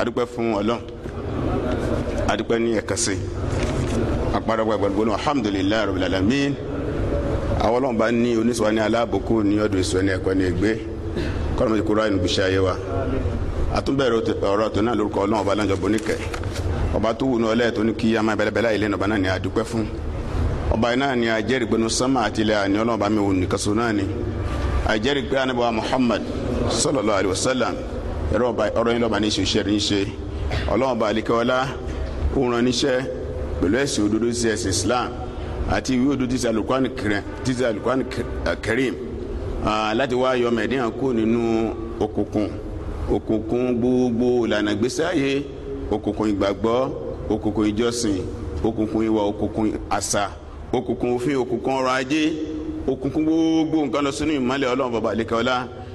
adúpẹ́ fún ọlọ́run adúpẹ́ ní ẹ̀kan sí àpárọ̀pọ̀ ìgbàlódé alhamdulilayi rabbil alamin àwọn ọlọ́run bá ní oníṣòwò ní aláàbòkú ní ọdún ìṣòwò ní ẹ̀kọ́ ní ẹgbẹ́ kọ́nà mọ̀tò kúrò àyìnbó ṣe ayé wa àtúbẹ̀rẹ̀ ọ̀rọ̀ tó náà lórúkọ ọlọ́run ọba aláǹjọ boníkẹ́ ọba tó wù ní ọlẹ́yẹ tó ní kí yá máa bẹ́lẹ́bẹ́lẹ́ ilé ọba náà ní adúpẹ́ fún ọba náà ní ajẹ́rìí gbẹnu sánmà àti ilẹ̀ àní ọlọ́run ọba mi wò nìkan so náà ní ajẹ́rìí pé anábọ̀ Muhammad sallallahu alaihi wasallam ọ̀rọ̀ yín lọ́ba ní ṣe iṣẹ́ ní ṣe ọlọ́run ọba àlekẹ́wọlá ó rán níṣẹ́ pẹ̀lú ẹ̀sìn òdodo sí ẹ̀sìn Islam àti ìwé òdodo títí alukwani Karim láti wá yọ mẹ̀díhàn kó nínú òkùnkùn òkùnkùn gbogbo ìlànà gbèsè ayé òkùnkùn ìgbàgbọ́ òkùnkùn ìjọsìn òkùnkùn ìwà òkùnkùn àṣà òkùnkùn òfin òkùnkùn ọrọ̀ ajé òkùnkùn gbogbo nǹkan lọ sínú ìmọ́lẹ̀ ọlọ́run bàbá àlekẹ́wọlá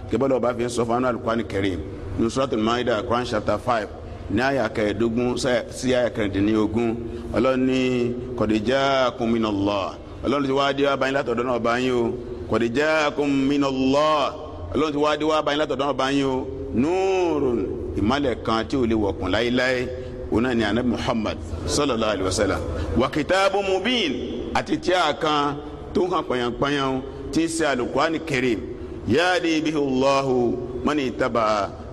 kẹbọ́lọ́ bá fi ń sọ fún anú alukwani Karim nusratul maida quran chapter five ní àyà kẹẹ̀ẹ́dógún sí àyà kẹrìndínlógún ọlọ́run ní kọ̀díjà kùmínàlọ́ ọlọ́run ti wá dé wá báyìí látọ̀dọ̀ náà báyìí o kọ̀díjà kùmínàlọ́ ọlọ́run ti wá dé wá báyìí látọ̀dọ̀ náà báyìí o nùrùn ìmọ̀lẹ̀ kan tí ò lè wọ̀kùn láéláé òun náà ni anabi muhammad sallallahu alayhi wa sallam wa kitabu mubin àti tí a kan tó ń kan pàyànpàyàn tí ń ṣe alukurani kéré yáa di bihi allahu mani taba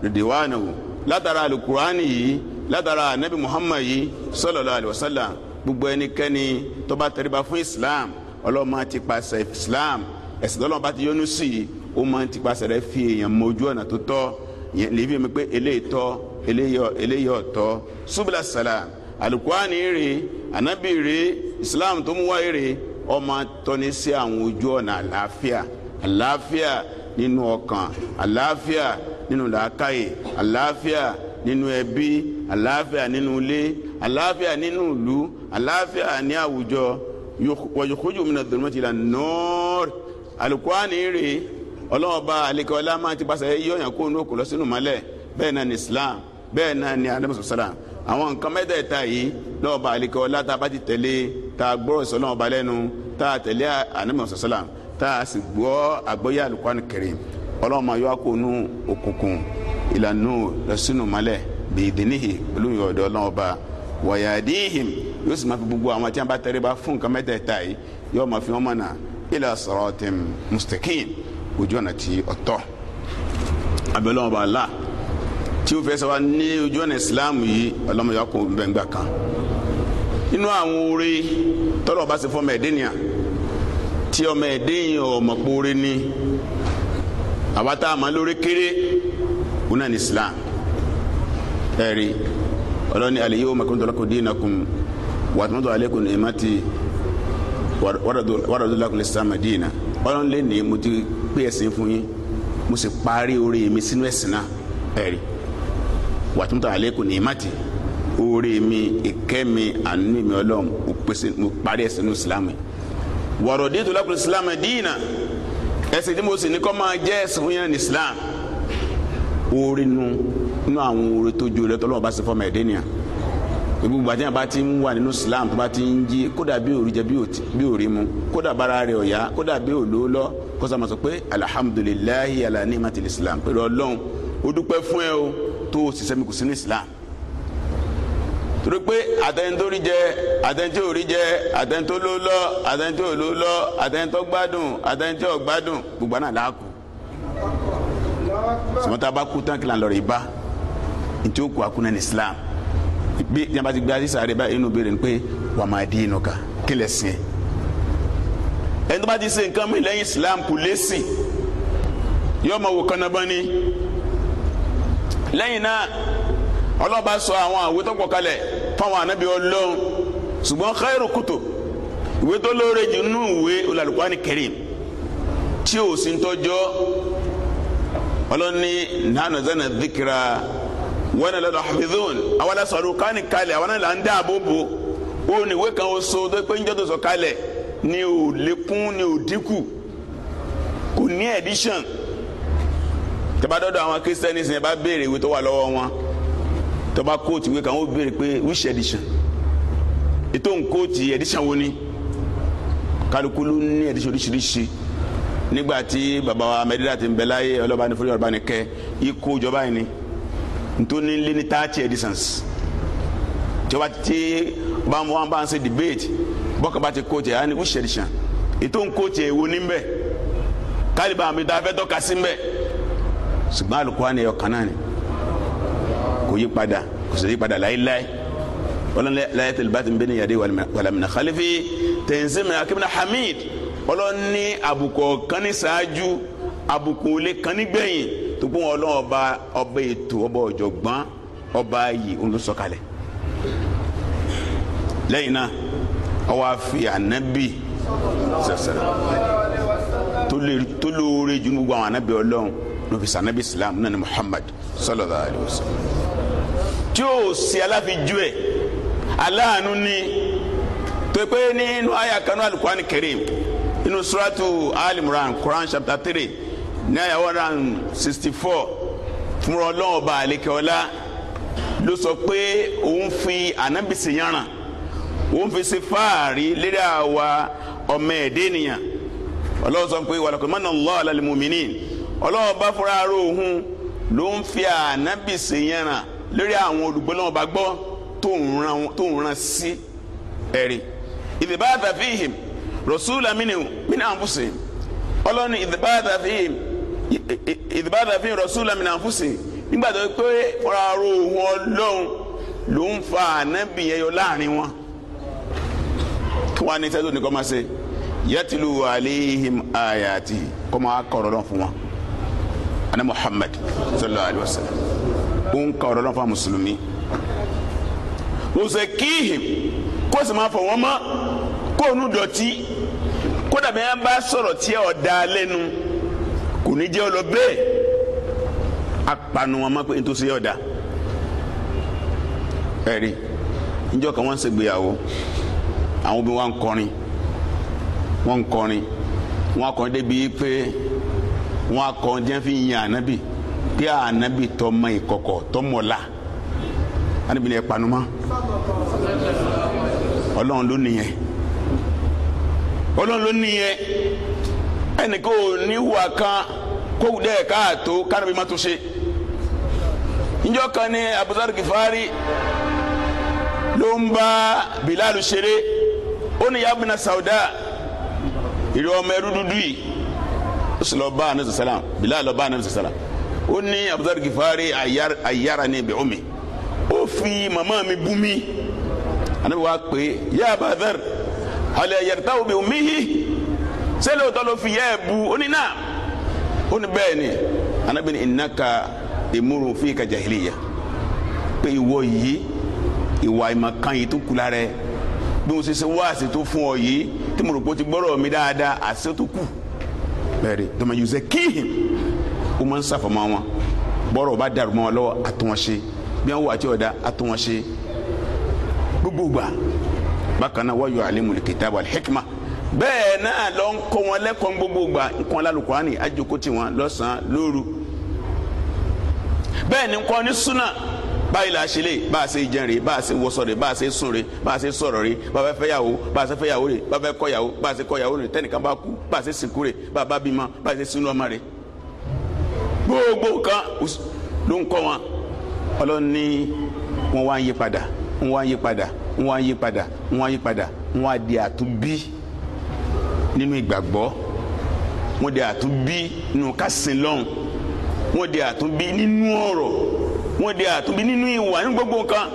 rìdíwánahu látara alukurani yìí látara anabi muhammad yìí sallallahu alaihi wasallam gbogbo ẹnikẹ́ni tó bá fún islam ọlọ́run máa ti pàṣẹ islam ẹ̀sìn tọ́lọ́run bá ti yọ́nú sí i ó máa ti pàṣẹ rẹ̀ fi èèyàn mójú ọ̀nà tó tọ́ yẹn lè mi pé eléyìí eléyìí ọ̀tọ̀ subula salam alukurani rè anabi rè islam tó mú wáyé rè ọmọ tọ́ni sí àwọn ojú ọ̀nà àlàáfíà àlàáfíà nínú ọkàn àlàáfíà nínú làákàyè àlàáfíà nínú ẹbí àlàáfíà nínú ilé àlàáfíà nínú ìlú àlàáfíà ní àwùjọ wàjúkújù mi náà dùnmọ́ ti là nọ́ọ̀rì alukwani rè ọlọ́ọ̀ba àlekọ́lá máa basa pàṣẹ yọ̀yàn kó nù kò lọ sínú mọ́lẹ̀ bẹ́ẹ̀ náà ní Islam bẹ́ẹ̀ náà ní adamu sọ̀rọ̀ àwọn nǹkan mẹ́tẹ̀ẹ̀ta yìí lọ́ọ̀ba àlekọ́lá tá a bá ti tẹ̀lé tá gbọ́rọ̀ sọ lọ́wọ́ ba lẹ́nu tá a tẹ̀lé adamu sọ̀rọ̀ tá a sì gbọ́ àgbọ́yé alukwani kẹrin ọlọ́run máa yọ àkóónú òkùnkùn ìlànà lọ́sínú mọ́lẹ̀ bìdínìhì pẹ̀lú ìyọ̀dọ̀ ọlọ́run ọba wàyàdíhìm yóò sì máa fi gbogbo àwọn tí wọn bá tẹrí bá fún nǹkan mẹ́tẹ̀ẹ̀ta yìí yóò máa fi wọn mọ̀nà ila siratim mustaqim ojú ọ̀nà tí ó tọ́ la tí o fẹ́ sọ wa ní ojú ọ̀nà ìsìláàmù yìí ọlọ́mọ yà kó bẹ́ngbà kan nínú àwọn oore tọ́lọ̀ bá ṣe fọ́ ọmọ ẹ̀dẹ́nìyà tí ọmọ ẹ̀dẹ́yìn ọmọ pòore ni àwa tá a mọ̀ lórí kéré òun náà ní islam ẹ̀rí ọlọ́ni àlèyé wọn mọ̀kúndùn lọ́kùn dín náà kùn wà tó mọ̀tò àlékún ní mati wàràdó lọ́kùn lè sàmà dín náà ọlọ́ni lè ní mo ti pé ẹ̀sìn fún yín mo sì parí orí mi sínú ẹ̀sìn náà ẹ̀rí wà tó mọ̀tò àlékún ní mati orí mi ìkẹ́ àánú mi ọlọ́run mo parí ẹ̀sìn ní islam wàràdó lọ́kùn lè ẹ̀sìn tí mo sì ní kọ́ máa jẹ́ ẹ̀sìn fún yẹn ní Islam oore nu inú àwọn oore tó ju rẹ tọ́lọ́wọ́ bá ṣe fọmọ ẹ̀dẹ́ nìyà gbogbo àti àbá ti ń wà nínú Islam tó bá ti ń jí kódà bí òòrì jẹ bí òòrì mu kódà bára rẹ ọ̀yá kódà bí òòlò lọ kó sọ sọ pé alihamudulilayi ala ni ma Islam pẹ̀lú Ọlọ́run ó dúpẹ́ fún ẹ o tó o sì sẹ́mi kù sínú Islam torí pé àtẹnitórí jẹ àtẹnitórí jẹ àtẹnitólólọ je àtẹnitọgbádùn àtẹnitọgbádùn gbogbo náà làákù sọmọta bá kú tán kìlà lọrọ ìbá ntí ó kú akúnẹ ní Islam bí yàrá ti gbé àdìsá rẹ bá inú béèrè ni pé wà máa dín inú ká kílẹ̀ sí ẹ ẹni tó bá ti ṣe nǹkan mi lẹ́yìn Islam kù lẹ́sìn yóò máa wò sọ àwọn fáwọn ànábì Ọlọ́run ṣùgbọ́n khairu kutub ìwé tó lóore jù nínú ìwé olùkọ́ni Karim tí ò sí tọ́jọ́ ọlọ́ni nánà zana dhikra wọn lọ́dọ̀ hafizun àwọn alasọ̀rọ̀ kánì kalẹ̀ àwọn là ń dá àbòbò ó ní ìwé kan oṣù tó pé ń jọ́ tó sọ kalẹ̀ ni ò lékún ni ò dínkù kò ní edition tẹ́bá dọ́dọ̀ àwọn kírísítẹ́nì sìn ẹ bá béèrè ìwé tó wà lọ́wọ́ wọn tọba kóòtù wíwé kan ó béèrè pé which edition ètò nkóòtù edition wo ni kálukú ló ní edition oríṣiríṣi nígbà tí baba wa amẹ́dídá ti ń bẹ láyé ọlọ́ba ní fúlẹ́ ọ̀rọ̀ ní kẹ́ ikú ìjọba yìí ni nítorí lé ní thirty editions ìjọba tí wọn bá wọn bá ń ṣe debate bọ́kà bá ti kóòtù yà á ní which edition ètò nkóòtù èwo ní bẹ́ẹ̀ kálíbà àmì tá a fẹ́ tọ́ka sí bẹ́ẹ̀ ṣùgbọ́n àlùkò àná ẹ̀yọ̀ kan náà ni kò yí padà kò sì yí padà láéláé ọlọ́run láyé tẹ̀lé bàtí nbẹ́ni yàdé wàlámìnà khalifi tẹ̀síìmì akébìnà hamid ọlọ́run ní àbùkù kan ní ṣáájú àbùkù lé kan ní gbẹ̀yìn tó kún ọlọ́run ọba ọba ètò ọba ọ̀jọ̀gbọ́n ọba yìí ń lọ náà ọwọ́ àfi ànábì sẹ̀sẹ̀ tó lóore ju gbogbo àwọn ànábì ọlọ́run ló fi sànà bí muhammad sallallahu alayhi wa sallam tí ó sì aláfijú aláàánú ni tó pé nínú àyà kanú alukwani karim inú suratu alimuran, quran chapter three ní àyà one hundred sixty four fúnra ọlọ́run ọba àlekẹ́ọ́lá ló sọ pé òun fi ànábìsì yànnà òun fi ṣe fáàrí lérí àwa ọmọ ẹ̀dẹ́ nìyàn ọlọ́run sọ pé wàlàkùnmánà allah alalẹ́ ọlọ́run bá fúnra ara òun ló ń fi ànábì ṣèyànnà lórí àwọn olùgbọ́ lọ́wọ́ bá gbọ́ tó ń ran sí ẹ̀rí ìdìbàdà fihim rọ̀ṣúlà mínà ànfúsì ọlọ́run ìdìbàdà fihim ìdìbàdà fihim rọ̀ṣúlà mínà ànfúsì nígbà tó pé fúnra ara òun ọlọ́run ló ń fa ànábì yẹn yọ láàrin wọn kí ní sẹ́dọ̀ nìkan máa ṣe yẹtìlú àlehim ayati kọ́ máa kọ̀ lọ́n fún wọn ana muhammad sallallahu alaihi wasallam ó ń ka ọ̀rọ̀ lọ́wọ́ fún mùsùlùmí mùsùlùmí kó sì máa fọ wọn mọ́ kó nu dọ̀tí kó dàbí ẹ bá sọ̀rọ̀ tí ẹ ọ̀ dá lẹ́nu kò ní jẹ́ ọ lọ bẹ́ẹ̀ apanu wọn mọ́ pé nítorí ẹ ọ̀ dá ẹ̀rí níjọ́ kan wọ́n ń ṣègbéyàwó àwọn obìnrin wa ń kọrin wọ́n ń kọrin wọ́n akọrin débi pé wọn akọ jẹ́ fi yin ànábì pé ànábì tọmọ ìkọ̀kọ̀ tọmọ la ànábì ni ẹ panumọ́ ọlọ́run ló nìyẹn ọlọ́run ló nìyẹn ẹnì kò ní wà kan kó wù dẹ́ káàtó kánábì má tó ṣe njọ́ kan ní abudulayi kifari ló ń bá bilal ṣeré ó ní yabuna sauda ìrọ̀ ọmọ ẹrú dúdú yìí ó sì lọ bá anabi sàlám bilal lọ bá anabi sàlám ó ní abudulayi gifari ayára ní ibi omi ó fi màmá mi bú mi anabi wa pè é yá abadar alẹ́ yẹrìtá omi omi yìí sẹ́lẹ̀ òtọ́ fi yẹ́ bu ó ní ó ní bẹ́ẹ̀ ni anabi ní ìnáka ìmúru fi ka jahiliya pé ìwọ yìí ìwà ìmọ̀kan yìí tó kú lára bí mo ṣe ṣe wáàsí tó fún ọ yìí tí mo rò pé o ti gbọ́rọ̀ mi dáadáa àṣẹ kù bẹ́ẹ̀ni dọmọ yusẹ kíhìn o máa ń sàfọmọ wọn bọrọ o bá dàrú mọ́ wọn lọ́wọ́ àtúnwọ̀nṣe bí wọn wà tí ọdà àtúnwọ̀nṣe gbogbo gbà bákan náà wọ́n yọ alimul kitab wal hikma bẹ́ẹ̀ náà lọ ń kọ́ wọn lẹ́kọ̀ọ́ gbogbo gbà nǹkan lálùkọ́ àní àjòkó tiwọn lọ́sàn-án lóru bẹ́ẹ̀ ni nǹkan ní báyìí la ṣe lè bá a ṣe jẹun rè bá a ṣe wọṣọ rè bá a ṣe sùn rè bá a ṣe sọ̀rọ̀ rè bá a fẹ́ yàwó bá a ṣe fẹ́ yàwó rè bá a fẹ́ kọ́ yàwó bá a ṣe kọ́ yàwó rè tẹ́nìkan bá kú bá a ṣe sìnkú rè bá a bá bímọ bá a ṣe sinú ọmọ rè. gbogbo kan ló ń kọ́ wọn ọlọ́run ní wọ́n wá ń yí padà wọ́n wá ń yí padà wọ́n wá ń yí padà wọ́n wá ń yí padà wọ́n á di àtúnbí nínú ìgbàgbọ́ wọ́n di àtúnbí nínú kásìn wọ́n di àtúnbí nínú ìwà ní gbogbo nǹkan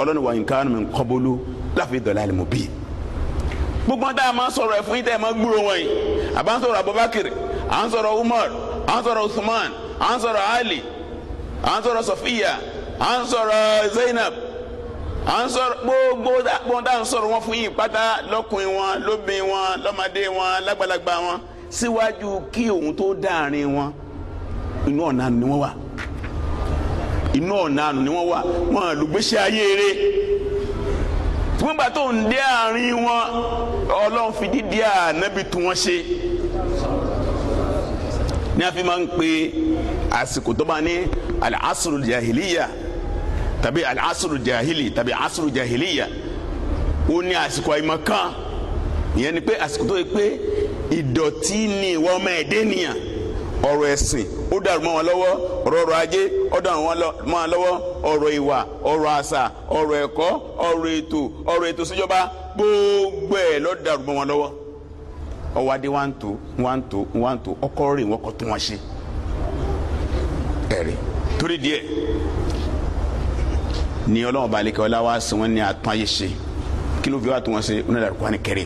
ọlọ́ni wà nǹkan mi kọ́bólú láfi dọ̀là àlùmọ́ bí. gbogbo tá a máa sọ̀rọ̀ ẹ̀ fún yín tá a máa gbúrò wọ̀nyí a bá ń sọ̀rọ̀ Abubakar à ń sọ̀rọ̀ Umar à ń sọ̀rọ̀ Usman à ń sọ̀rọ̀ Ali à ń sọ̀rọ̀ Sofiya à ń sọ̀rọ̀ Zainab à ń sọ̀rọ̀ gbogbo gbogbo tá a ń sọ̀rọ̀ wọn fún yín pátá lọ́kùnrin wọn lóbìn wọn lọ́mọdé wọn lágbàlagbà wọn inú ọ̀nà ni wọ́n wà inú ọ̀nà àánú ni wọ́n wà wọ́n àlùgbèsè ayé eré fún ìgbà tó ń dé àárín wọn ọlọ́run fi dídí ànábì tún wọn ṣe ní a fi máa ń pe àsìkò tó bá ní al jahiliya tàbí al jahili tàbí asrul jahiliya ó ní àsìkò àìmọ̀ kan ìyẹn ni pé àsìkò tó yẹ pé ìdọ̀tí ni ìwà ọmọ ẹ̀dẹ́ nìyàn ọ̀rọ̀ ẹ̀sìn ó dàrú mọ́ wọn lọ́wọ́ ọ̀rọ̀ ọrọ̀ ajé ó dàrú mọ́ wọn lọ́wọ́ ọ̀rọ̀ ìwà ọ̀rọ̀ àṣà ọ̀rọ̀ ẹ̀kọ́ ọ̀rọ̀ ètò ọ̀rọ̀ ètò síjọba gbogbo ẹ̀ ló dàrú mọ́ wọn lọ́wọ́ ọwádìí wá ń tó wá ń tó wá ń tó ọkọ rè wọn kọ tó wọn ṣe ẹ̀rí torí díẹ̀ ni ọlọ́run balẹ̀ kẹ́ ọlá wa sọ wọn ní atún ayé ṣe kí ló fi wá tó wọn ṣe onídàá Kùránì kẹrẹ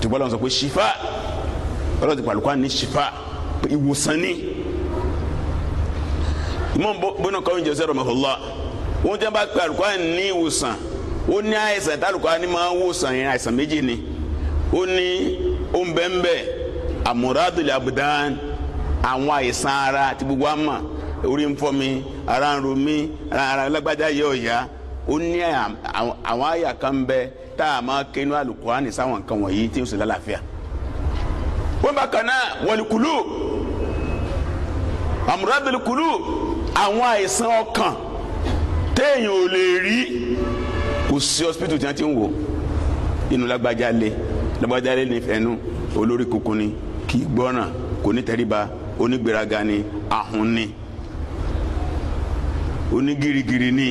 tùbọ́lá wọn sọ pé ṣìfà ọlọ́run ti pàlùkọ́ ní ṣìfà ìwòsàn ni Imam Ibn Qayyim Jawziyya rahimahullah wọn tí wọn bá pe Al-Qur'an ní ìwòsàn ó ní àìsàn tí Al-Qur'an ní máa ń wòsàn yẹn àìsàn méjì ni ó ní ó ń bẹ́ẹ̀ bẹ́ẹ̀ amuradul abdan àwọn àìsàn ara tí gbogbo wa mọ̀ orí ń fọ́ mi ara ń ro mi ara lágbájá yẹ ọ̀yá ó ní àwọn àyà kan bẹ tá a máa kẹnu àlùkò àníṣàwọn nǹkan wọ̀nyí tí ó sì lálàáfíà. wọ́n bá kan náà wọlé amuradulukulu àwọn àìsàn ọkàn téèyàn ò lè rí kò sí hospital tí wọ́n ti ń wò inú lágbájá lé lágbájá lé ní fẹnu olórí kunkun ni kì í gbọ́ràn kò ní tẹríba onígbéraga ni ahun ni onígirigiri ni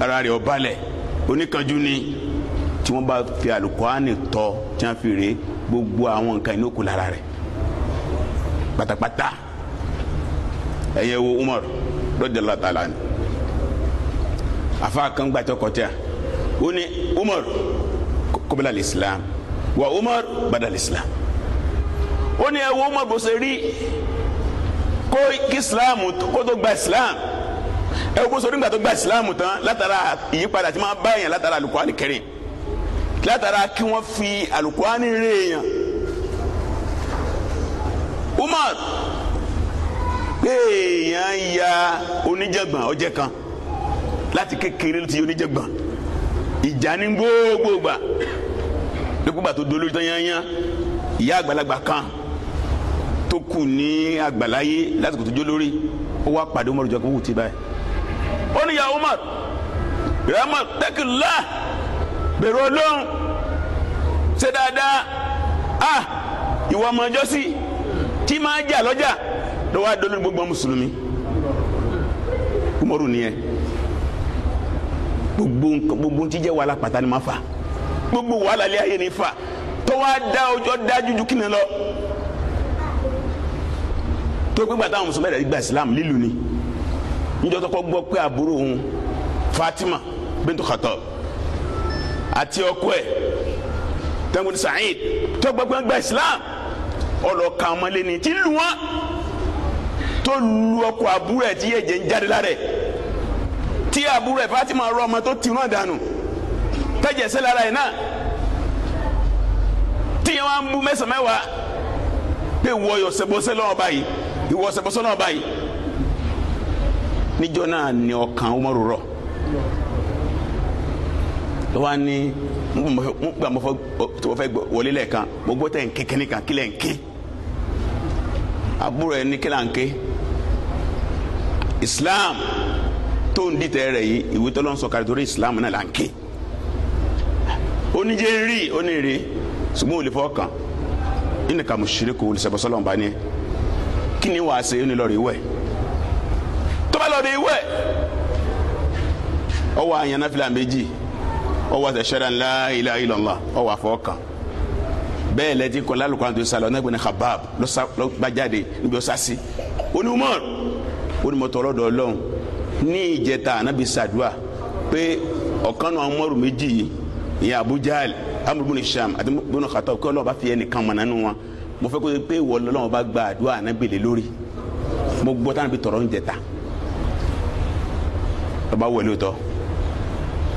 ara rẹ̀ ọ̀balẹ̀ oníkanjú ni tí wọ́n bá fi àlùkòánì tọ́ tí wọ́n fi rè gbogbo àwọn nǹkan inú kù lára rẹ̀ pátápátá ẹ̀yẹ wo Umar radiyallahu ta'ala ni afa kan gbàtọ́ kọjá ó ní Umar kọ́bílà l'islam wa Umar bàdà l'islam ó ní ẹ wo Umar bó ṣe rí kó kí islam kó tó gba islam ẹ wo bó ṣe rí gbàtọ́ gba islam tán látara ìyípadà tí máa bá èèyàn látara Al-Qur'ani látara kí wọ́n fi Al-Qur'ani rèèyàn Umar èèyàn ya oníjàngbọ̀n ọjẹ́ kan láti kékeré ló ti yẹ oníjàngbọ̀n ìjà ní gbogbogbà lókùgbà tó dolójú tán yányán ìyá àgbàlagbà kan tó kù ní àgbàláyé lásìkò tó jó lórí ó wá pàdé Umaru jọ kó wù tí báyìí ó ní ya Umar bẹ̀rẹ̀ Umar tẹ́kìlá bẹ̀rù Ọlọ́run ṣe dáadáa ah ìwà ọmọ ọjọ́ sí tí máa jà lọ́jà lọ́wọ́ adolú gbogbo mùsùlùmí umaru nìyẹn gbogbo gbogbo jíjẹ́ wàhálà pàtà ni ma fa gbogbo wàhálà ilé ayé ni fa tọ́wọ́ da ọjọ́ da jújú kí ni lọ tó gbégbá táwọn mùsùlùmí rẹ̀ gba islam lílu ni níjọ́ tó kọ́ gbọ́ pé àbúrò òun fatima bintu khatab àti ọkọ ẹ̀ tẹ́gbọ́n saheed tó gbọ́ gba islam ọlọ́ọ̀kan ọmọlẹ́ni ti lù wọ́n. tó nu ọkọ̀ àbúrò ẹ̀ tí ẹ̀jẹ̀ ń jáde lára tí àbúrò ẹ̀ Fatima rọ ọmọ tó tìrún àdánù tẹ̀jẹ̀ sí lára náà tíyẹn wá ń pé wọ́ yọ yi lọ́wọ́ báyìí ìwọ báyìí ní n fọ tí wọlé ní islam tó ń dìtẹ̀ rẹ̀ yìí ìwé tọ́lọ́ ń sọ kárí islam náà là ń ké oníjẹ́ rí onírè ṣùgbọ́n ò lè fọ́ kàn nínú kàmú ṣíríkù olùsẹ̀bọ̀sọ́lọ̀ ń bá ní kí ni wàá ṣe ní lọ́ọ̀rì ìwẹ̀ tó bá lọ́ọ̀rì ìwẹ̀ ọwọ́ àyànná fìlà méjì ọwọ́ àtẹ̀ṣẹ́ra ńlá ilá ìlọ́lá ọwọ́ àfọ́kàn bẹ́ẹ̀ lẹ́tí kọ́ lálùkọ́ àti sálọ ọ̀nà ìgbẹ́ni habab ló gbàjáde níbi ó onímọ̀ọ́rù ó ní mo tọrọ dọ̀ ọlọ́run ní ìjẹta ànábi sàdúà pé ọ̀kan náà mọ́rù méjì yìí ìyá Abu Jahl Amr ibn Hisham àti ibn Khattab kí ọlọ́run bá fi ẹnìkan mọ̀ nánú wọn mo fẹ́ kó o pé ìwọ lọ́lọ́run bá gba àdúrà ànábi lé lórí mo gbọ́ táwọn ibi tọrọ ń jẹta bàbá wẹ̀ lóòótọ́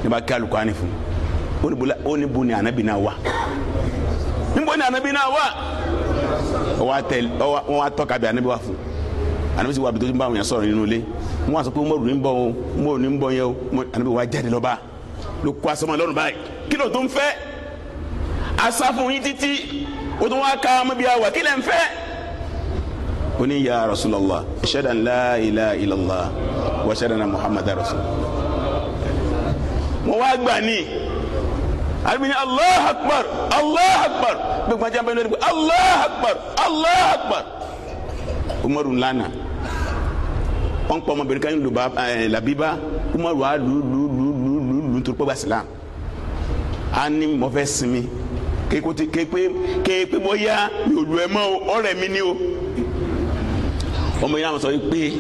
ní bá kí alùpùpù ànì fún ó ní bu ni ànábi náà wà níbo ni ànábi náà wà wọ́n wá tọ́ka bí ànábi wà fún ànábì sì wà bí tó ti ń bá àwọn yẹn sọ̀rọ̀ nínú ilé wọ́n á sọ pé umaru ní ń bọ̀ o umaru ní ń bọ̀ yẹn o ànábì wà jáde lọ́ba ló kó aṣọ máa lọ́rùn báyìí kí ló tó ń fẹ́ asáfún yín títí o tún wá ká ọmọ bíi àwà kí lẹ̀ ń fẹ́. ó ní ya rasulallah ṣẹ́dá la ilaha wa ṣẹ́dá na muhammad rasulullah. wọ́n wá gbà ní àbí ní allah akbar allah akbar gbẹ̀gbọ́n jẹ́ abẹ́rẹ́ lórí pé allah akbar allah akbar umaru lánàá wọn kpọ ọmọbìnrin luba lu eh, labiba umaru wa lu lu lu lu lu lu tó kpọ gbàsílà a ní mo fẹ́ sinmi kékote képe képe bóyá yòlù ẹ o ọ̀rẹ́ mi ni o ọmọ yìí náà sọ pé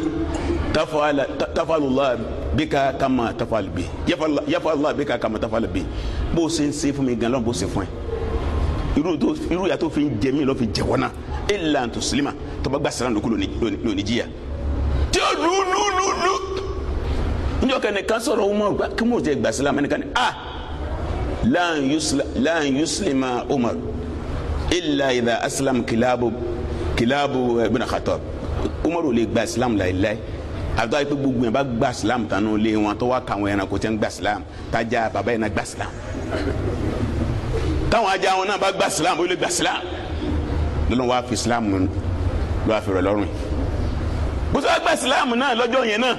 tafalula bí ka kama tafali bi yafalula bí ka kama tafali bi bó o ṣe ń ṣe fún mi gan lọ́n bó o ṣe fún ẹ irú tó irú yàtọ̀ fi ń jẹ mí lọ́ fi jẹ wọ́n náà illa antuslima tọ́ba gbàsílà lónìí lónìí tí ó lu lu lu lu níjọ́ kẹ́ni ká sọ̀rọ̀ Umar gba kí mo jẹ gba Islam ẹni kani ah lan yuslima Umar illa idha aslam kilabu kilabu ibn Khattab Umar ò lè gba Islam láìláì àbúrò àyè pé gbogbo yẹn bá gba Islam tánú lé wọn tó wá kàwọn ẹranko tí ń gba Islam tájà bàbá yẹn náà gba Islam táwọn ajá wọn náà bá gba Islam ó lè gba Islam fi Islam lọ́wọ́ àfi rẹ̀ lọ́rùn yìí bó sọ gba ìsìláàmù náà lọ́jọ́ yẹn náà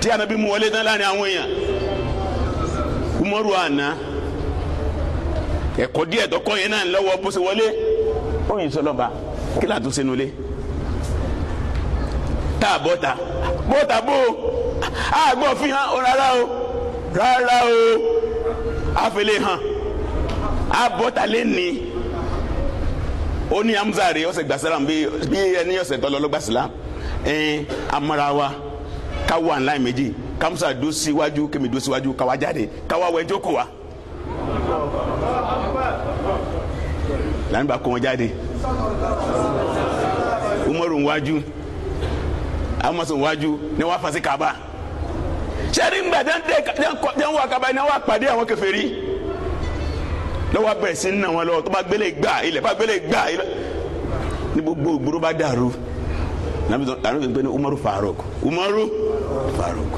tí anabi mu wọlé tán láàrin àwọn èèyàn umaru àná ẹ̀kọ́ díẹ̀ tọkọ́ yẹn náà lọ́wọ́ bó ṣe wọlé oyin sọlọ́ba kí láti tún sínú tá a bọ́ ta bó ta bó a gbọ́ fi hàn ó rárá o rárá o àfẹlẹ́ hàn a bọ́ ta lé ní ó ní amúzàre ọ̀sẹ̀ gbàsílámù bí ẹni ọ̀sẹ̀ tọ́lọ́ ló gbàsílámù ẹn Amarawa kawo ká wà ńlá méjì kámsà dó síwájú kémi dó síwájú káwa jáde káwa wẹ jókòó wa. lànà bá kó wọn jáde umaru wájú amaso wájú ni wọn fasi kaba sẹ́ni ń bẹ̀ dẹ́n wà kaba ni wọn pàdé àwọn kèfèrí lọ́wọ́ bẹ̀rẹ̀ sí ní àwọn lọ́wọ́ tó bá gbélé gbà ilẹ̀ bá gbélé gbà ilẹ̀ ní gbogbo ògbóró bá dàrú nàbí sọ pé umaru faruk umaru faruk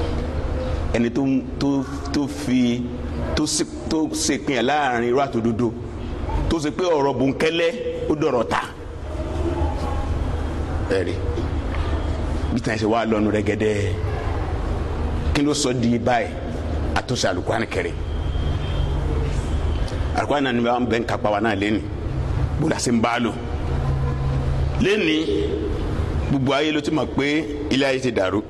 ẹni tó tó tó fi tó se tó se pinya láàrin irú àtòdodo tó ṣe pé ọ̀rọ̀ bòńkẹ́lẹ́ ó dọ̀rọ̀ ta ẹ̀rí bí tàn ṣe wá lọ́nu rẹ̀ gẹ́dẹ́ kí ló di báyìí àtúnṣe àlùkùránì kẹrẹ àlùkùránì náà ni wọn bẹ ń kápá wa náà lẹ́nu bó la ṣe ń bá gbogbo ayé ló ti mọ̀ pé ilé ayé ti dàrú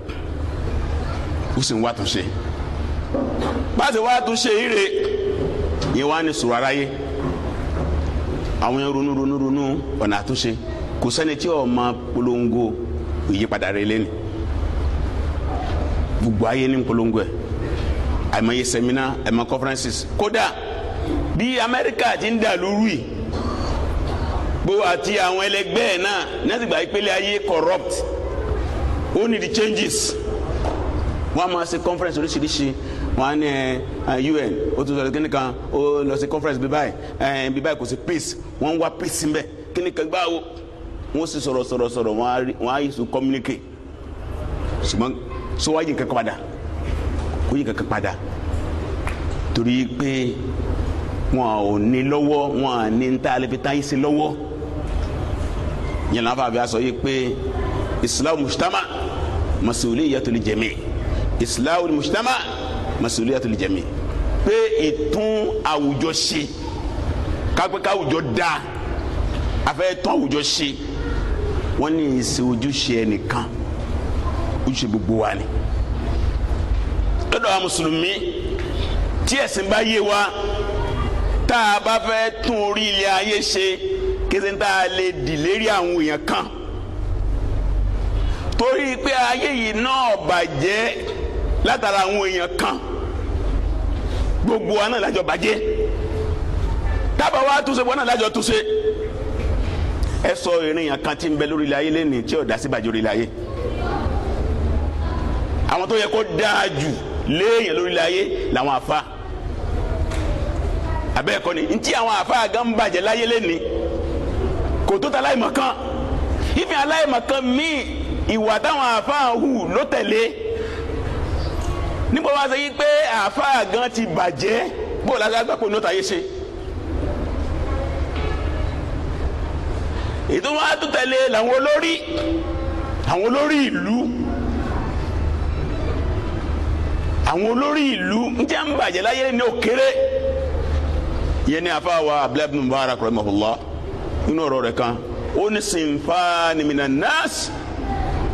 ó sì ń wá túnṣe báṣe wá túnṣe ire ìwà ni sùúrù aráyé àwọn yẹn ronú ronú ronú ọ̀nà àtúnṣe kò sẹ́ni tí ò mọ polongo ìyípadà rẹ lẹ́nu gbogbo ayé ní polongo ẹ̀ àìmọye sẹ́mínà àìmọ conferences kódà bí Amẹ́ríkà ti ń dà lórí gbogbo àti àwọn ẹlẹgbẹ́ ẹ̀ náà nẹ́sìgbà ìpele ayé corrupt ó need the changes wọ́n á máa ṣe conference oríṣiríṣi wọ́n á ní eh, eh, UN ó tún sọ̀rọ̀ kíni kan ó lọ sí conference bíi báyìí eh, bíi báyìí kò sí peace wọ́n ń wá peace ń bẹ̀ kíni kan gbáwo wọ́n sì sọ̀rọ̀ sọ̀rọ̀ sọ̀rọ̀ wọ́n á yìí sùn communicate ṣùgbọ́n sọ wáyé nǹkan kan padà kó yí nǹkan kan padà torí pé wọn ò ní lọ́wọ́ wọn à ní ń ta àlefitá yìí sí lọ́wọ́ yẹn afa bi asọ yi pé islam mujtama masuliyatul jami islam mujtama masuliyatul jami pé ìtún àwùjọ ṣe kápẹ́ káwùjọ dáa afẹ́ tún àwùjọ ṣe wọ́n ní ìṣe ojúṣe ẹnìkan ojúṣe gbogbo wa ni lọ́dọ̀ wa mùsùlùmí tí ẹ̀sìn bá yé wa tá a bá fẹ́ tún orí ilé ayé ṣe kése ń tá a lè dì lérí àwọn èèyàn kan torí pé ayé yìí náà bàjẹ́ látara àwọn èèyàn kan gbogbo wa náà lájọ bàjẹ́ tábà wa túnṣe wọn náà lájọ túnṣe ẹ sọ ìrìnyàn kan tí ń bẹ lórí ilẹ̀ ayé lẹ́nìí tí ò dá sí bàjẹ́ orí ayé àwọn tó yẹ kó dáa jù léèyàn lórí ayé làwọn àfa abẹ́ẹ̀kọ́ ni ntí àwọn àfa gan bàjẹ́ láyé lẹ́nìí kò tó ta aláìmọ̀ kan ife aláìmọ̀ kan míì ìwà táwọn àáfàá hù ló tẹ̀lé nígbà wá sọ yí pé àáfàá gan ti bàjẹ́ bóòlù agbágbá pò ní ó tàyé ṣe. ètò wọn á tún tẹ̀lé làwọn olórí àwọn olórí ìlú àwọn olórí ìlú ń jẹ́ ń bàjẹ́ láyé ní òkèrè yẹn ní àáfàá wa abdulayi bin mubarak rahimahullah nínú ọ̀rọ̀ rẹ̀ kan ó ní sinfa nìmínà nọ́ọ̀sì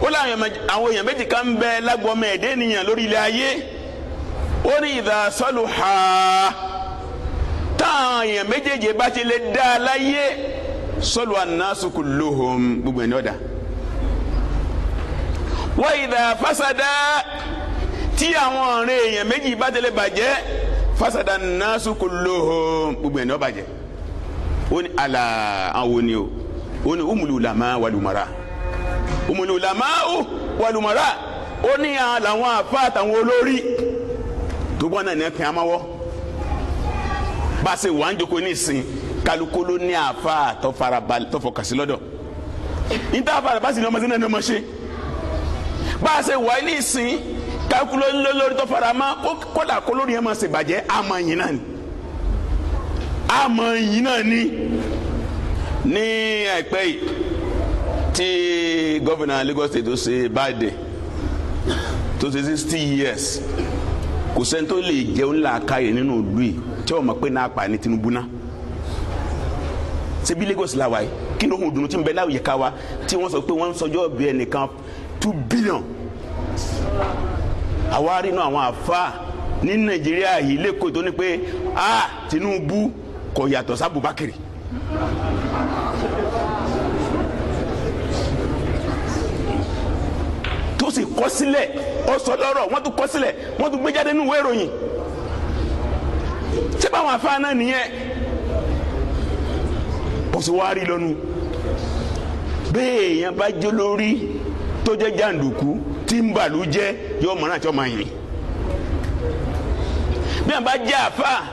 ó láwọn èèyàn méjì kan bẹ lágbọ́mọ ẹ̀dẹ́ nìyẹn lórí ilẹ̀ ayé ó ní ìdá sọ́lù ha táwọn èèyàn méjèèjì bá ti lè dá a láyé sọ́lù anásù kulluhum gbogbo ẹni ọ̀dà wá ìdá fásádá tí àwọn ọ̀rẹ́ èèyàn méjì bá ti lè bàjẹ́ fásádà anásù kulluhum gbogbo ẹni ọ̀bàjẹ́ ó ní àlà àwọn òní o ó ní umululama walumara umululama ó walumara ó ní àlàwọn àfa àtàwọn olórí tó náà ní ẹ̀pìn amáwọ́ bá a ṣe wà ń jókòó ní ìsìn kálukú ló ní àfa àtọ́fọkàsí lọ́dọ̀ níta àfa àtàbàsí ni ọmọ sí náà ni ọmọ ṣe bá a ṣe wà ní ìsìn kálukú ló ń lórí tó fara mọ́ kódà kó lórí ẹ̀ máa ṣèbàjẹ́ yìí náà ni àmọ́ yìí náà ni ní àìpẹ́ yìí tí gọ́vìnà Lagos state tó ṣe báyìí tó ṣe sixty years kò sẹ́ni tó lè jẹun làákàyè nínú ìlú yìí tí wọ́n mọ̀ pé náà pa ní Tinubu náà ṣebí Lagos la wa yìí kí ló ń dunu tí ń bẹ láwùjẹ ká wa tí wọ́n sọ pé wọ́n ń sọjọ́ bí ẹnìkan two billion àwa rí inú àwọn àfa ní Nàìjíríà yìí lẹ́kọ̀ọ́ tó ní pé a ah, Tinubu kò yàtọ̀ sí Abubakar tó sì kọ sílẹ̀ ó sọ lọ́rọ̀ wọ́n tún kọ sílẹ̀ wọ́n tún gbé jáde nínú ìwé ìròyìn ṣé báwọn afáà náà nìyẹn kò sí wá rí lọ́nu bẹ́ẹ̀ èèyàn bá jó lórí tó jẹ́ jàǹdùkú tí ń bàlú jẹ́ yóò mọ̀ náà tí ó máa bí wọ́n bá jẹ́ àfáà.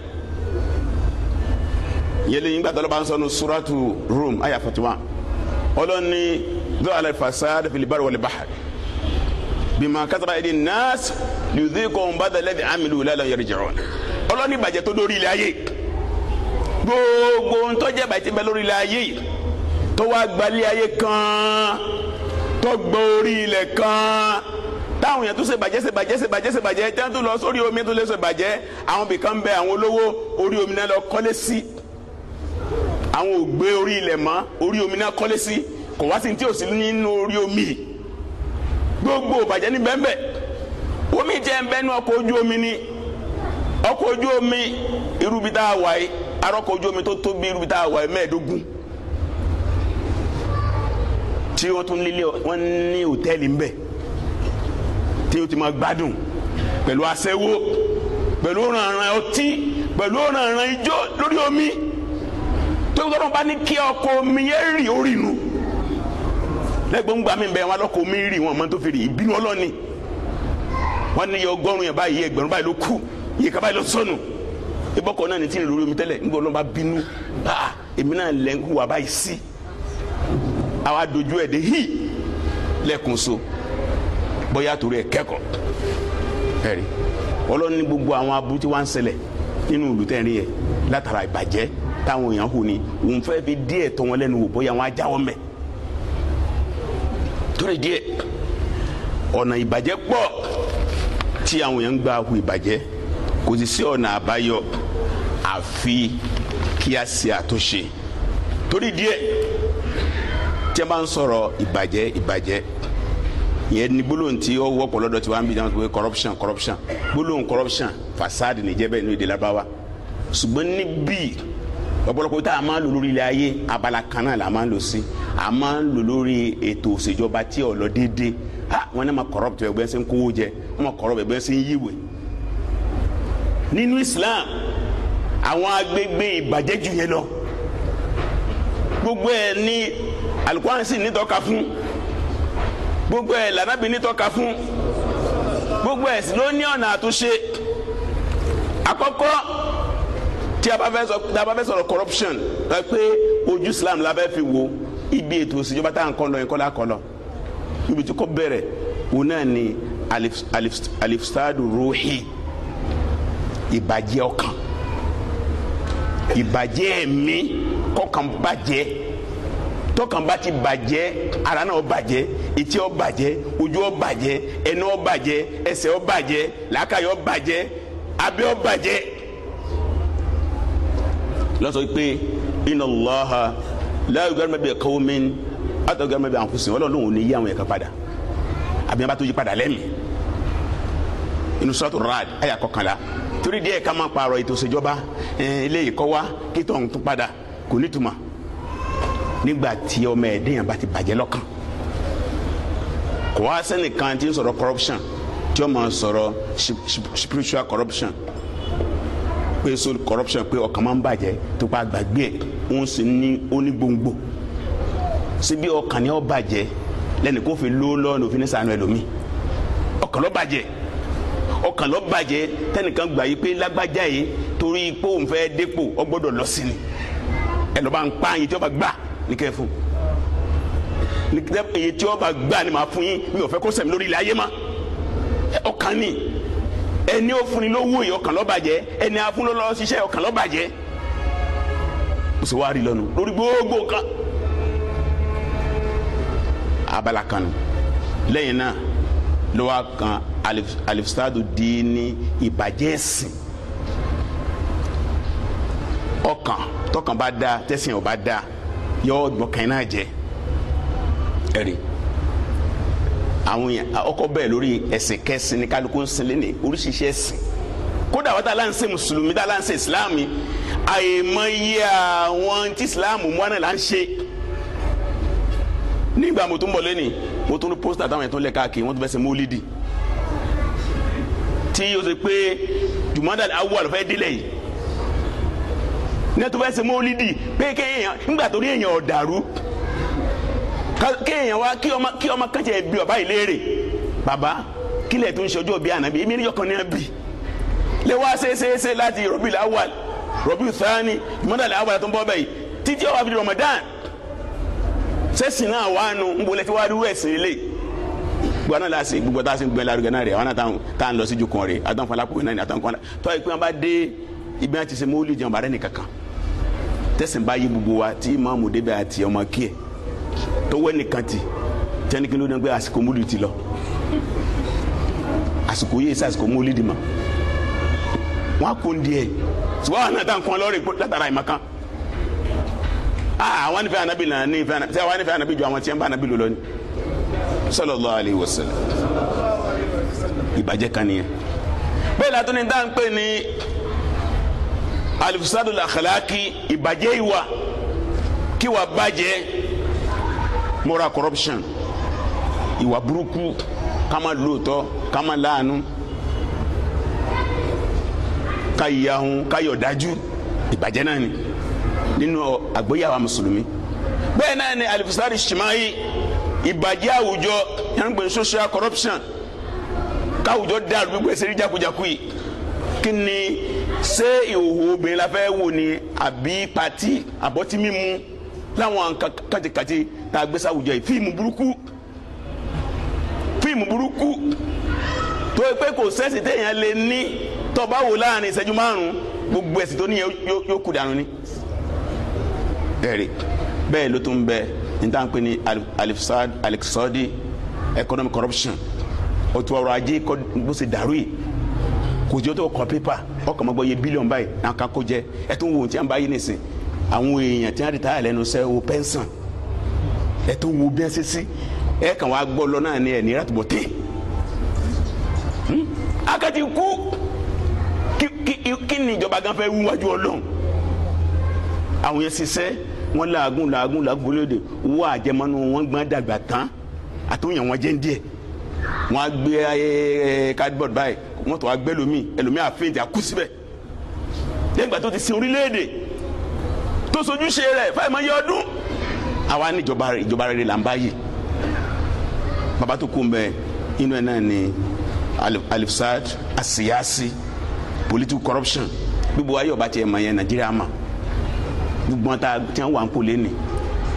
yẹlẹ yín gbàtọ́ lọ́ba ń sọ nu suratu rum aya forty one ọlọ́ni dọ́ alẹ́ fasad fil barri wal bahr bima kasara ẹ̀dín nas yudhiqum badalẹ́dẹ̀ amilu lẹ́lẹ́ yarji'un ọlọ́ni bàjẹ́ tó lórí ilẹ̀ ayé gbogbo ntọ́jẹ́ bàjẹ́ bẹ lórí ilẹ̀ ayé tó wá gbalẹ̀ ayé kan tó gbọ́ orí ilẹ̀ kan táwọn yẹn tó ṣe bàjẹ́ ṣe bàjẹ́ ṣe bàjẹ́ ṣe bàjẹ́ tí wọ́n lọ sórí omi tó lè ṣe bàjẹ́ àwọn bìkan bẹ àwọn olówó orí omi náà lọ kọ́lé sí. Si àwọn ò gbé orí ilẹ̀ mọ́ orí omi náà kọ́lé sí kò wá sí tí ò sí nínú orí omi gbogbo ìbàjẹ́ ní bẹ́ẹ̀nbẹ́ẹ̀ omi jẹ́ ojú omi ni ọkọ̀ ojú omi arọ́kọ̀ ojú omi tó tóbi irúbi tá mẹ́ẹ̀ẹ́dógún tí wọ́n tún nílé wọ́n ní hòtẹ́ẹ̀lì tí o ti máa gbádùn pẹ̀lú pẹ̀lú tó ń tọ́lọ́ bá ní kí ọkọ omi yẹn rì orí nu lẹ́gbọ̀n gba mi bẹ́ẹ̀ wọn alọ́kọ omi rì wọn mọ́ tó fi rì ìbínú ọlọ́ni wọn ní iye ọgọ́rùn-ún yẹn báyìí ẹgbẹ̀rún báyìí ló kù iye kaba yìí ló sọnù ìbọ̀kọ̀ náà ní tí ń lórí omi tẹ́lẹ̀ nígbà wọn bínú báà èmi náà lẹ́ ń wà báyìí sí àwa dojú ẹ̀ dé hí lẹ́kùn so bóyá torí ẹ̀ kẹ́kọ̀ọ́ ẹ̀rí ọlọ́ni gbogbo àwọn aburú tí wọ́n ń ṣẹlẹ̀ nínú ìlú tẹ́rin látara ìbàjẹ́ táwọn èèyàn hù ni òun fẹ́ fi díẹ̀ tọ́ wọn lẹ́nu wò bóyá wọn á jáwọ́ mẹ́ torí díẹ̀ ọ̀nà ìbàjẹ́ pọ̀ tí àwọn èèyàn ń gba hu ìbàjẹ́ kò sì sí ọ̀nà àbáyọ àfi kí a ṣe àtúnṣe torí díẹ̀ tí a bá ń sọ̀rọ̀ ìbàjẹ́ ìbàjẹ́ yẹn ni gbólóhùn tí ó wọ́pọ̀ lọ́dọ̀ tí wọ́n á bí jẹun pé corruption corruption gbólóhùn corruption fasad nìjẹ́ bẹ́ẹ̀ ní èdè lábáwá ṣùgbọ́n níbí ọ̀pọ̀lọpọ̀ tá a máa ń lò lórí ilẹ̀ ayé abala kan náà la máa ń lò sí a máa ń lò lórí ètò òṣèjọba tí ó lọ déédéé wọn náà máa corrupt ẹgbẹ́ ṣe ń kówó jẹ wọn máa corrupt ẹgbẹ́ ṣe ń yíwèé nínú Islam àwọn agbègbè ìbàjẹ́ jù yẹn lọ gbogbo ẹ̀ ní Al-Qur'an sì nítọ́ka fún gbogbo ẹ̀ lànàbí nítọ́ka fún gbogbo ẹ̀ sì ló ní ọ̀nà àtúnṣe àkọ́kọ́ tí a bá fẹ́ sọ tí a bá fẹ́ sọ̀rọ̀ corruption ẹ pé ojú Islam la bẹ́ fi wo ibi ètò ìṣèjọba tá à ń kọ́ lọ yẹn kọ́ la lọ ibi tí kò bẹ̀rẹ̀ òun náà ni alifsadu ruhi ìbàjẹ́ ọkàn ìbàjẹ́ ẹ̀mí kọ́kàn bàjẹ́ tọkàn bá ti bàjẹ́ ara náà bàjẹ́ etí ó bàjẹ́ ojú ó bàjẹ́ ẹnu ó bàjẹ́ ẹsẹ̀ ó bàjẹ́ làákàyè bàjẹ́ abẹ́ ó bàjẹ́ lọ́sọ̀ pé inna Allaha la yughayyiru ma bi qawmin hatta yughayyiru ma bi anfusihim ọlọ́run lòun ní yí àwọn ẹ̀ka padà àbí abá tó yí padà lẹ́mìí inú sọ́ọ̀tù rad àyà kọkànlá torí díẹ̀ ká máa pààrọ̀ ètò ìṣèjọba ilé ìkọ́ wa kí tó ń tún padà kò nítumọ̀ nígbà tí ọmọ ẹ̀dẹ́yàn bá ti bàjẹ́ lọ́kàn kò wá sẹ́nìkan tí ń sọ̀rọ̀ corruption tí ó máa sọ̀rọ̀ spiritual corruption pé soul corruption pé ọkàn máa ń bàjẹ́ tó pa àgbàgbé ẹ̀ òun sì ní onígbòǹgbò síbi ọkàn ni ó bàjẹ́ lẹ́nu kó fi ló lọ́nà òfin ní sànú ẹlòmíì ọkàn ló bàjẹ́ ọkàn ló bàjẹ́ tẹnìkan gbà yí pé lágbájá yìí torí pé òun fẹ́ dépò ó gbọ́dọ̀ lọ sí ni ẹ lọ́ba ń pa àyè tí ọba gbà ní kẹfù èyí tí ọba gbà ni màá fún yín mi ò fẹ́ kó sẹ̀mí lórí ilẹ̀ ayé ma ọkàn ni ẹni ó fúnni ló wú èyí ọkàn ló bàjẹ́ ẹni afún ló lọ ṣiṣẹ́ ọkàn ló bàjẹ́ ó sì wá rí lọ́nu lórí gbogbo nǹkan abala kan lẹ́yìn náà ló wá kan alifisadu di ní ìbàjẹ́ ẹ̀sìn ọkàn tọkàn bá da tẹ̀sìn ò bá da yọ ọgbọ̀n náà jẹ ẹ̀rí àwọn ọkọ bẹ́ẹ̀ lórí ẹ̀sìn kẹsìn ní kálukú ń sin lẹ́nìí oríṣiríṣi ẹ̀sìn kódà wọ́n tá láǹṣe mùsùlùmí tá láǹṣe ìsìláàmù àìmọye àwọn tí ìsìláàmù mú àná là ń ṣe nígbà mo tún bọ̀ lẹ́nìí mo tún ní pósítà táwọn ẹ̀ tó lẹ̀ káàkiri wọ́n tún fẹ́ ṣe tí o ṣe pé jùmọ́dà awúwà ló fẹ́ yìí ní ẹ tó fẹ́ ṣe pé kéèyàn nígbà tó rí èèyàn ọ̀dàrú kéèyàn wá kí ọmọ kí ọmọ kẹtẹ bí ọba yìí léèrè bàbá kílẹ̀ tó ń ṣojú òbí ànábì èmi ní yọkàn ní àbí lè wá ṣeéṣeéṣe láti rọ̀bì làwà rọ̀bì sáni ìmọ̀dà làwà tó ń bọ́ títí ọba fi Ramadan sẹ́sìn náà wà nù ń bolẹ̀ tí wàá rú ẹ̀sìn ilé gbogbo anáà láti gbogbo tá a sì ń gbẹ lárugẹ náà rẹ àwọn náà tá à ń lọ sí ju kan rẹ àtàwọn alápòwé náà ni àtàwọn tó wẹ́ nìkan ti tẹnikin ló dẹ́n pé àsìkò múlù ti lọ àsìkò yìí sí àsìkò múlù dì mọ́ wọn á kó ń di ẹ ṣùgbọ́n àwọn náà tá à ń kọ́ lọ́rọ̀ ìpò látara ìmọ̀ kan àwọn nífẹ̀ẹ́ anabi náà nífẹ̀ẹ́ anabi sẹ́wọ́n nífẹ̀ẹ́ anabi ju àwọn tí ń bá anabi lò lọ ni sallallahu alaihi wasallam ìbàjẹ́ kan nìyẹn bẹ́ẹ̀ látọ́ ni dáhùn pé alifusadu lakhalaki ìbàjẹ́ ìwà kíwà bàjẹ́ moral corruption ìwà burúkú ká má lóòótọ́ ká má láàánú ká ìyahun ká yọ̀dájú ìbàjẹ́ náà ni nínú àgbéyàwó mùsùlùmí bẹ́ẹ̀ náà ni alifisari shimayi ìbàjẹ́ àwùjọ yàngbẹ̀ social corruption káwùjọ dàrú gbígbé sẹ́rí jákujáku yìí kí ni ṣé ìhòòhò obìnrin la fẹ́ wò ni àbí pati àbọ̀tí mímu láwọn kàtìkàtì tá a gbé sáwùjọ yìí fíìmù burúkú fíìmù burúkú tó yẹ pé kò sẹ́sì téèyàn lè ní tó bá wò láàrin ìṣẹ́jú márùn-ún gbogbo ẹ̀sìn tó níyẹn yóò kú dànù ni. bẹ́ẹ̀ bẹ́ẹ̀ ló tún bẹ ní táwọn pè ní alifsad alexodi economic corruption òtún ọrọ̀ ajé bó ṣe dàrú yìí kò jẹ́ tó kọ pépà ọkàn mọ́gbọ́ yẹ bílíọ̀nù báyìí náà kakó jẹ ẹ̀ tó wò ó tí wọ́n bá yé nìsín àwọn èèyàn tí wọ́n ti ta àlẹ́nu sẹ́ o pẹ́ńsàn ẹ tó wo bí ẹ ṣe sí ẹ kàn wá gbọ́ lọ náà ni ẹ ní ìrátìbọ̀ tè hmm? akẹ́tì kú kí ni ìjọba gan fẹ́ wíwájú ọlọ́run àwọn yẹn ṣiṣẹ́ wọn làágùn làágùn làágùn gbólóde wọ àjẹmọ́nú wọn gbọ́n dàgbà tán àtúnyẹ̀ wọn jẹ́ ń díẹ̀ wọn á gbé ẹ cardboard báyìí wọn tó wá gbẹ́ lómi ẹlòmíà fèǹtì àkú síbẹ̀ lẹ́gbàá tó ti sin orílẹ̀-èdè sojúṣe rẹ̀ fáìmọ̀ yẹ ọdún àwa ní ìjọba ìjọba rere là ń báyìí bàbá tó kú mbẹ inú ẹ náà ni alifsad asiyasi political corruption gbogbo ayé ọba tiẹ̀ mọ̀ yẹn nàìjíríà mà gbogbo ta tí wọ́n wà ń kó lé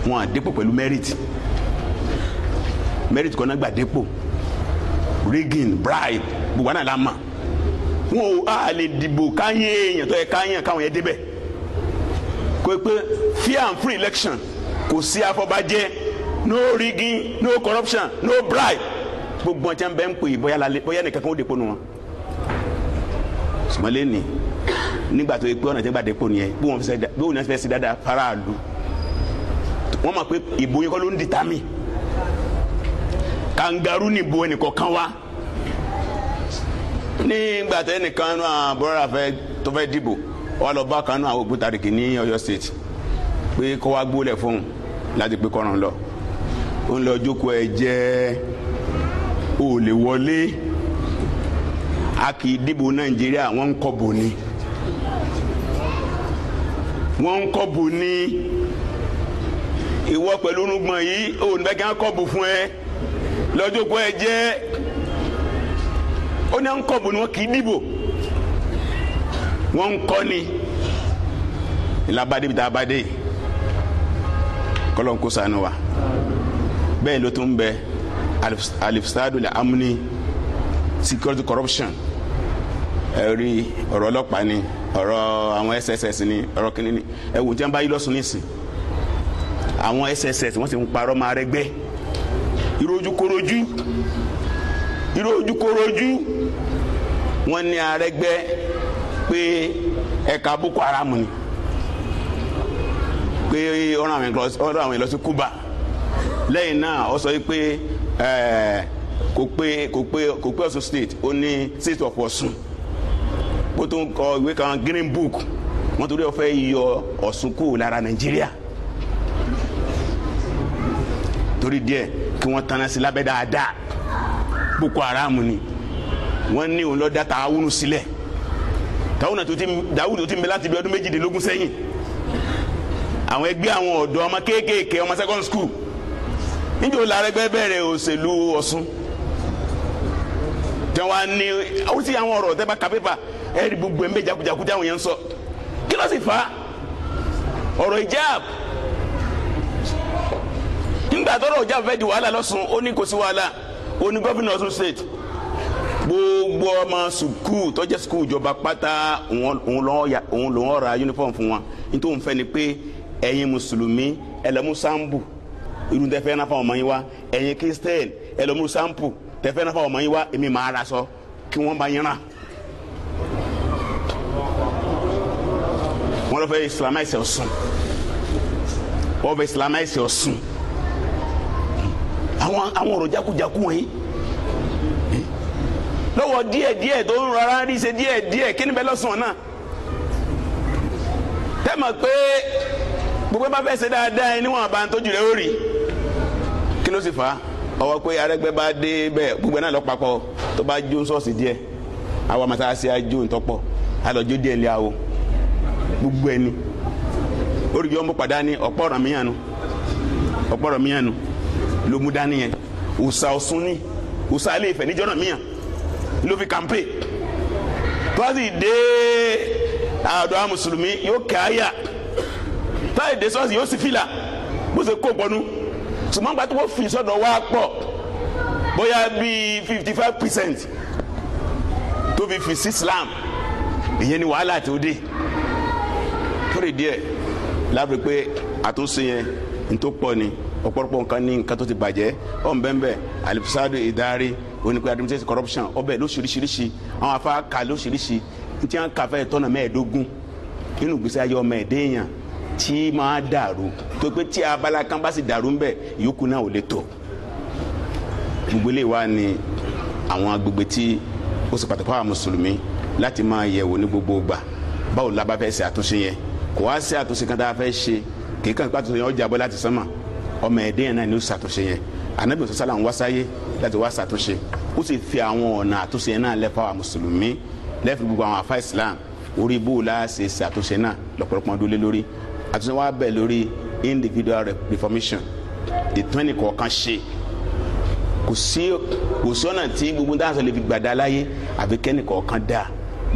wọn àdépò pẹ̀lú merit merit kọ́ná gbà dépò rigging bribe gbogbo àná la mà wọn ò a lè dìbò káyé èèyàn tó yẹ káyé káwọn yẹn débẹ̀ kò pé fair and free election kò sí afọbajẹ no rigging no corruption no bribe gbogbo ọ̀tí bẹ́ẹ̀ ń pè é bóyá lálẹ́ bóyá nìkan kan ó depo nu wọn. sùmọ́lé ni nígbà tó yẹ pé ọ̀nà tí wọ́n gbà depo nìyẹn bí wọ́n fẹ́ bí wọ́n fẹ́ sí dáadáa faraàlú wọ́n mọ̀ pé ìbò yẹn kọ́ ló ń determine kangaroo ni ìbò ẹnìkọ̀ọ̀kan wa nígbà tó ẹnìkan náà bọ́lá fẹ́ tó fẹ́ dìbò wà lọ bá kanu náà àwọn ògbóntarìkì ní Ọ̀yọ́ state pé kọ wá gbólẹ̀ fóun láti pé kọ́ran lọ ó ń lọ jókòó ẹ jẹ́ ò lè wọlé a kì í dìbò Nàìjíríà wọn ń kọ́ bò ni wọn ń kọ́ bò ni ìwọ pẹ̀lú orúngbọ̀n yìí ò ní bẹ́ẹ̀ kí wọ́n kọ́ bò fún ẹ lọ́jọ́ kó ẹ jẹ ó ní à ń kọ́ bò ni wọn kì í dìbò. wọ́n ń kọ́ ni labade bi ta abade kọlọ́n kó ṣàánú wa bẹ́ẹ̀ ló tún bẹ alifisadu la amuni security corruption ẹ̀rí ọ̀rọ̀ ọlọ́pàá ni ọ̀rọ̀ àwọn sss ni ọ̀rọ̀ kìnìún ni ẹ̀wù tí wọ́n bá yí lọ́sùn nísìn àwọn sss wọ́n sì ń parọ́ máa rẹ́gbẹ́ ìrojúkorojú ìrojúkorojú wọ́n ní arẹ́gbẹ́ pé ẹ̀ka boko haram ni pé ó rán àwọn èèyàn kuba sí Cuba lẹ́yìn náà ó sọ pé kò pé kò pé kò pé Ọ̀ṣun state ó ní state of Ọ̀ṣun bó tó ń kọ ìwé kan green book wọ́n torí ó fẹ́ yọ Ọ̀ṣun kù lára Nàìjíríà torí díẹ̀ kí wọ́n tanná sí lábẹ́ dáadáa boko haram ni wọ́n ní òun lọ́ọ́ dá tààwùn sílẹ̀ dawuda tó ti dawuda tó ti mbẹ láti bí ọdún méjìdínlógún sẹ́yìn àwọn ẹgbẹ́ àwọn ọ̀dọ́ ọmọ kéékèèké ọmọ second school níbi ò lárẹ́gbẹ́ bẹ̀rẹ̀ òṣèlú Ọ̀ṣun tí wọ́n á ní ó sì àwọn ọ̀rọ̀ tẹ́ bá ka pépà ẹ̀rí gbogbo ẹ̀ ń bẹ jakujaku tí àwọn yẹn ń sọ kí ló sì fà á ọ̀rọ̀ ìjáàb nígbà tọ́rọ̀ di wàhálà lọ́sùn ó ní kò sí wàhálà ó ní gómìnà Ọ̀ṣun state gbogbo ọmọ sukuu tó jẹ́ sukuu ìjọba pátá òun ló ń ra uniform fún wọn nítorí òun fẹ́ ni pé ẹ̀yin mùsùlùmí ẹlẹ́mú sampo irun tẹ́ fẹ́ náà fáwọn ọmọ yín wá ẹ̀yin kristian ẹlẹ́mú sampo tẹ́ fẹ́ náà fáwọn ọmọ yín wá èmi máa ra sọ kí wọ́n bá yín rà. lọ fẹ́ islamize ọ̀sùn wọ́n fẹ́ islamize ọ̀sùn àwọn àwọn ọ̀rọ̀ jákujàku wọ̀nyí lọ́wọ́ díẹ̀ díẹ̀ tó ń rọra rí ṣe díẹ̀ díẹ̀ kí ni bẹ́ẹ̀ lọ́sùn náà tẹ́ mọ̀ pé gbogbo bá fẹ́ ṣe dáadáa ẹni wọn bá ń tójú rẹ̀ ó rì kí ló sì fà á ọwọ́ pé arẹ́gbẹ́ bá dé bẹ́ẹ̀ gbogbo náà lọ papọ̀ tó bá jó sọ́ọ̀sì díẹ̀ àwa màtàsí ajó ntọ́pọ̀ alọ́jó díẹ̀ lé awo gbogbo ẹni oríyọ mú padà ní ọ̀pọ̀ ọ̀rọ̀ mìíràn ọ̀pọ̀ ọ̀rọ̀ ló fi kàmpé tọ́sí dé àdó àwọn mùsùlùmí yóò kẹ́ àyà tọ́sí dé sọ́ọ̀sì yóò sì fìlà bó ṣe kó gbọ́nú ṣùgbọ́n gbàtí wọ́n fi sọ́dọ̀ wá pọ̀ bóyá bíi fifty five percent tó fi fi sí Islam ìyẹn ni wàhálà tó dé torí díẹ̀ lábẹ́ pé àtúnṣe yẹn ní tó pọ̀ ni ọ̀pọ̀lọpọ̀ nǹkan ní nǹkan tó ti bàjẹ́ ọ̀nbẹ́nbẹ́ alifisadu idari onípe administration corruption ọbẹ̀ lóṣìṣìṣì àwọn afa ka lóṣìṣìṣì tí wọ́n kà fẹ́ tọ́nà mẹ́ẹ̀ẹ́dógún nínú gbèsè ayé ọmọ ẹ̀dẹ́ èèyàn tí máa dàrú tó pé tí abala kan bá sì dàrú ń bẹ̀ ìyókù náà ò lè tò gbogbo eléyìí wá ní àwọn agbègbè tí ó sì pàtàkì fáwọn mùsùlùmí láti máa yẹ̀wò ní gbogbo gbà báwo la bá fẹ́ ṣe àtúnṣe yẹn kò wá sí àtúnṣe kan tá a fẹ́ ṣe kì í kàn pàtó yẹn ó jábọ́ láti sánmà ọmọ ẹ̀dẹ́ yẹn náà ni ó ṣàtúnṣe yẹn ànábì òṣìṣẹ́ làwọn wá sáyé láti wá ṣàtúnṣe ó sì fi àwọn ọ̀nà àtúnṣe náà lẹ́fọ́ àwọn mùsùlùmí lẹ́fọ́ gbogbo àwọn àfa islam orí bó la ṣe ṣàtúnṣe náà lọ́pọ̀lọpọ̀ dúlé lórí àtúnṣe wa bẹ̀ lórí individual reformation ìtọ́ni kọ̀ọ̀kan ṣe kò sí kò sí ọ̀nà tí gbogbo dáhùn sọ̀lẹ̀ fi gbàdá láyé àbí kẹ́ni kọ̀ọ̀kan dà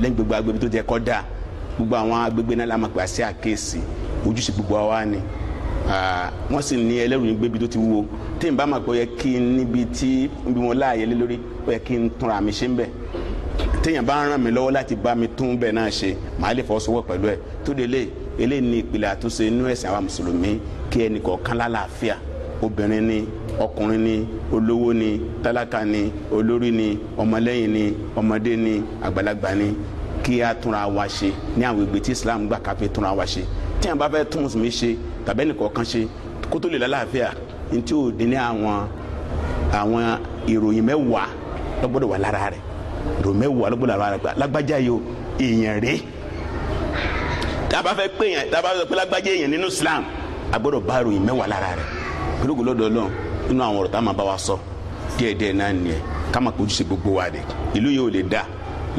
lẹ́yìn gbogbo agbègbè tó jẹ́ kọ́ dà gbogbo àwọn agbègbè náà la máa gbà sí àkéèsì ojúṣe gbogbo wa ni Ah, wọ́n sì ní ẹlẹ́rù yìí gbébi tó ti wúwo tí n bá mọ̀ pé ó yẹ kí n níbi tí n bí wọn láàyè lé lórí ó yẹ kí n túnra mi ṣe ń bẹ̀ téèyàn bá ràn mí lọ́wọ́ láti bá mi tún bẹ̀ náà ṣe màá lè fọwọ́sowọ́ pẹ̀lú ẹ̀ tó délé eléyìí ni ìpìlẹ̀ àtúnṣe inú ẹ̀sìn àwa mùsùlùmí kí ẹnì kọ̀ọ̀kan lálàáfíà obìnrin ni ọkùnrin ni olówó ni tálákà ni olórí ni ọmọlẹ́yìn ni ọmọdé ni àgbàlagbà ni kí a túnra wa ṣe ní àwọn ìgbé tí Islam gbà ká fi túnra wa ṣe tí a bá fẹ́ tún mùsùlùmí ṣe tàbẹ́ni kọ̀ọ̀kan ṣe kó tó lè lálàáfíà ní tí ò dín ní àwọn àwọn ìròyìn mẹ́wàá lọ́gbọ́dọ̀ wà lára rẹ̀ ìròyìn mẹ́wàá lọ́gbọ́dọ̀ wà lára rẹ̀ lágbájá yìí o èèyàn rèé tába fẹ́ pé yẹn tába fẹ́ pé lágbájá yẹn nínú Islam agbọ́dọ̀ bá ròyìn mẹ́wàá lára rẹ̀ gbẹdọgbẹ lọ́dọ̀ Ọlọ́run nínú àwọn ọ̀rọ̀ tá a máa bá wa sọ díẹ̀ náà nìyẹn ká máa kojú sí gbogbo wa de ìlú yìí ò lè dá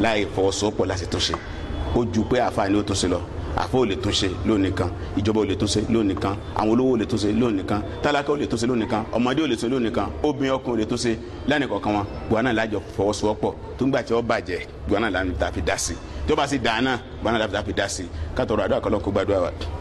láì fọwọ́sowọ́pọ̀ láti tún ṣe ó ju pé àfààní ó tún lọ àfọ ò lè tún ṣe lónìí kan ìjọba ò lè tún ṣe lónìí kan àwọn olówó ò lè tún ṣe lónìí kan tálákà ò lè tún ṣe lónìí kan ọmọdé ò lè tún ṣe lónìí kan obìnrin ọkùnrin ò lè tún ṣe lánàá kọ̀ọ̀kan wọn gbọ́n náà lájọ fọwọ́sowọ́pọ̀ tó ń gbà tí ó bàjẹ́ gbọ́n náà láfi dá sí tó bá sì dáná gbọ́n náà láfi dá sí ká tọrọ àdúrà gbàdúrà wa.